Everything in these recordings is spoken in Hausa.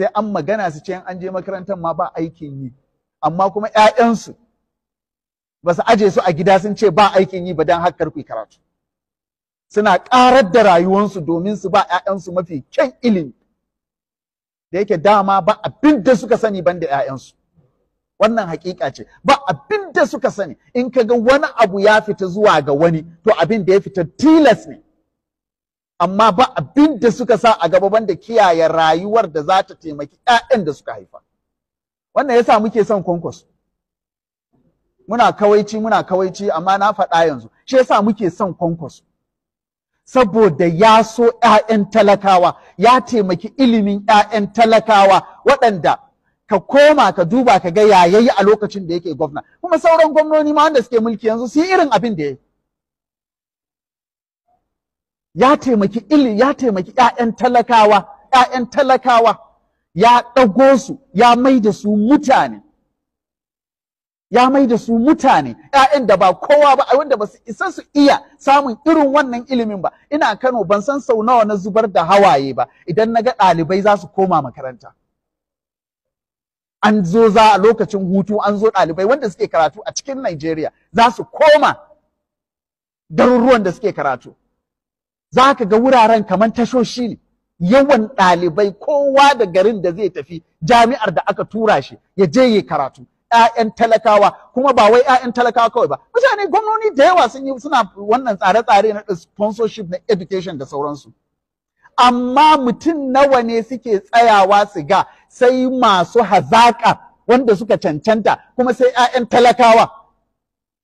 sai an magana su ce an je makarantar ma ba aikin yi amma kuma ƴaƴansu ba su aje su a gida sun ce ba aikin yi ba dan haƙƙar ku karatu suna ƙarar da rayuwansu domin su ba ƴaƴansu mafi kyan ilimi da yake dama ba abin da suka sani banda ƴaƴansu wannan hakika ce ba abin da suka sani in ka ga wani abu ya fita zuwa ga wani to abin da ya fita tilas ne amma ba abin da suka sa a gaba banda kiyaye rayuwar da za ta taimaki 'ya'yan da suka haifa wannan yasa muke son konkos. muna kawaici muna kawaici amma na faɗa yanzu shi yasa muke son konkos? saboda ya so 'ya'yan talakawa ya taimaki ilimin 'ya'yan talakawa waɗanda ka koma ka duba ka ga yayayi a lokacin da yake gwamna kuma sauran gwamnoni ma wanda suke mulki yanzu su yi irin abin da yake ya taimaki ili ya taimaki ƴaƴan talakawa ya'yan talakawa ya ɗago su ya mai da su mutane ya mai da su mutane 'ya'yan da ba kowa ba wanda ba su isa su iya samun irin wannan ilimin ba ina Kano ban san sau nawa na zubar da hawaye ba idan na ga ɗalibai za su koma makaranta an zo za a lokacin hutu an zo ɗalibai wanda suke karatu a cikin Najeriya za su koma garuruwan da suke karatu za ka ga wuraren kamar tashoshi ne yawan ɗalibai kowa da garin da zai tafi jami'ar da aka tura shi ya je yi karatu ‘ya'yan talakawa kuma ba wai ‘ya'yan talakawa kawai ba mutane gwamnoni da yawa sun yi suna wannan tsare-tsare na sponsorship na education da sauransu amma mutum nawa ne suke tsayawa su ga sai masu hazaƙa wanda suka cancanta kuma sai ‘ya'yan talakawa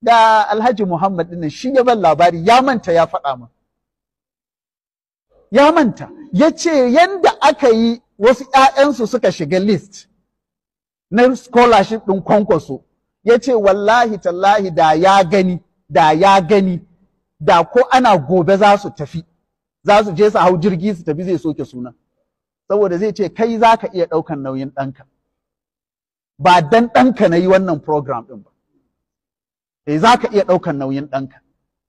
da alhaji muhammad ɗin shi ya labari ya manta ya faɗa min ya manta ya ce yadda aka yi wasu 'ya'yansu suka shiga list na scholarship ɗin kwankwaso ya ce wallahi tallahi da ya gani da ya gani da ko ana gobe za su tafi za su je su hau jirgi su tafi zai soke suna saboda zai ce kai za ka iya ɗaukan nauyin ɗanka ba dan ɗanka na yi wannan program ɗin ba eh za ka iya ɗaukan nauyin ɗanka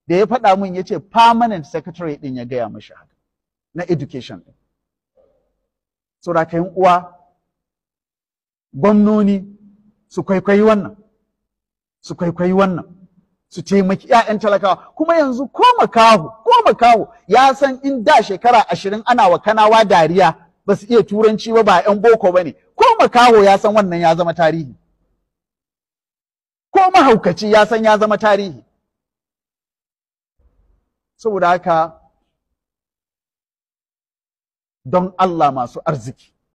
da ya faɗa min ya ce permanent secretary ɗin ya gaya mashi haka na education ɗin saboda uwa gwamnoni su kwaikwayi wannan su kwaikwayi wannan su taimaki 'ya'yan talakawa kuma yanzu ko makaho ko makaho ya san in da shekara ashirin ana wa kanawa dariya ba su iya turanci ba ba 'yan boko ba ne ko makaho ya san wannan ya zama tarihi ko mahaukaci ya san ya zama tarihi saboda haka don Allah masu arziki